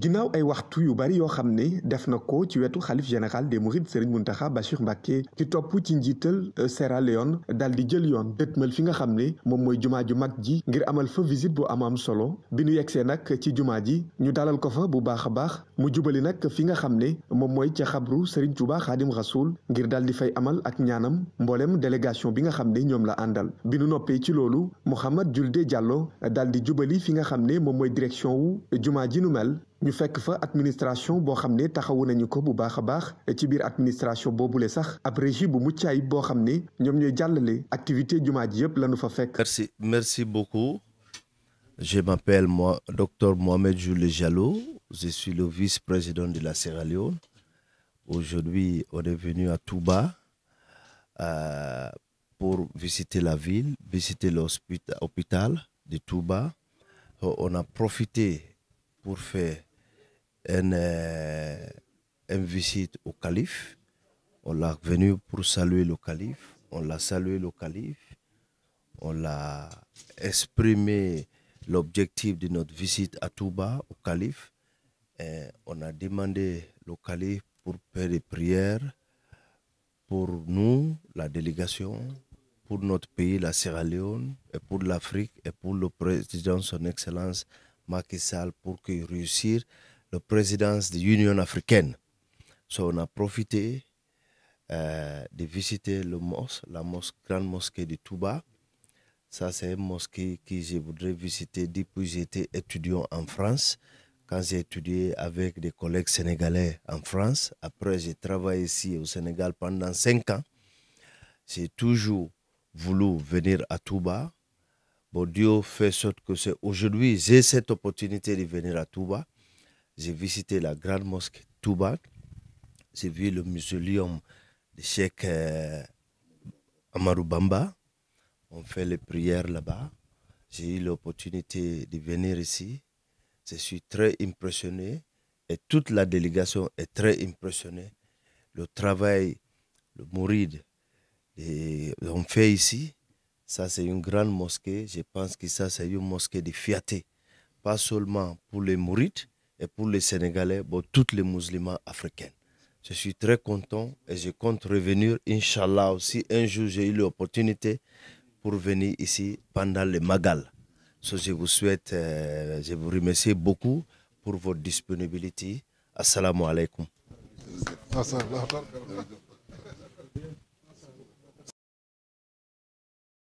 ginnaaw ay waxtu yu bari yoo xam ne def na ko ci wetu xalif général des mourides Serigne Mountakha Bachir Mbacké ci topp ci njiital euh, Sierra yoon dal di jël yoon dëtmal fi nga xam ne moom mooy jumaa ju mag ji ngir amal fa bu am solo bi ñu yegsee nag ci jumaa ji ñu dalal ko fa bu baax a baax mu jubali nag fi nga xam ne moom mooy ca xabru Serigne Touba Xaadim Rasoul ngir dal di fay amal ak ñaanam mboolem délégation bi nga xam ne ñoom la àndal bi nu noppee ci loolu Mouhamed Julde jàlloo dal di jubali fi nga xam ne moom mooy direction wu jumaa ji nu mel ñu fekk fa administration boo xam ne taxawu nañu ko bu baax a baax ci biir administration boobule sax ab régie bu mucc ayib boo xam ne ñoom ñooy jàllale activité jumaa ji la lañu fa fekk. merci merci beaucoup je m'appelle moi docteur Mohamed Jules Diallo je suis le vice-président de la Sierra Leone aujourd'hui on est venu à Touba euh, pour visiter la ville visiter l'hôpital de Touba euh, on a profité pour faire un, euh, une visite au calife. On l'a venu pour saluer le calife. On l'a salué le calife. On l'a exprimé l'objectif de notre visite à Touba au calife. Et on a demandé le calife pour faire des prières pour nous, la délégation, pour notre pays, la Sierra et pour l'Afrique, et pour le président, son Excellence Macky Sall, pour qu'il réussisse la présidence de l'Union africaine. So, on a profité euh, de visiter le mosque, la mosque, grande mosquée de Touba. sa c'est une mosquée que je voudrais visiter depuis que j'étais étudiant en France. Quand j'ai étudié avec des collègues sénégalais en France, après j'ai travaillé ici au Sénégal pendant cinq ans, j'ai toujours voulu venir à Touba. Bon, Dieu fait sorte que c'est aujourd'hui, j'ai cette opportunité de venir à Touba. J'ai visité la grande mosquée Touba. J'ai vu le mausoleum de Cheikh euh, Bamba. On fait les prières là-bas. J'ai eu l'opportunité de venir ici. Je suis très impressionné et toute la délégation est très impressionnée. Le travail, le mouride, on fait ici. Ça, c'est une grande mosquée. Je pense que ça, c'est une mosquée de fierté. Pas seulement pour les mourides, et pour le Sénégalais, pour toutes les musulmans africaines. Je suis très content et je compte revenir, Inch'Allah, si un jour j'ai eu l'opportunité pour venir ici pendant le Magal. So, je vous souhaite, euh, je vous remercie beaucoup pour votre disponibilité. Assalamu alaikum.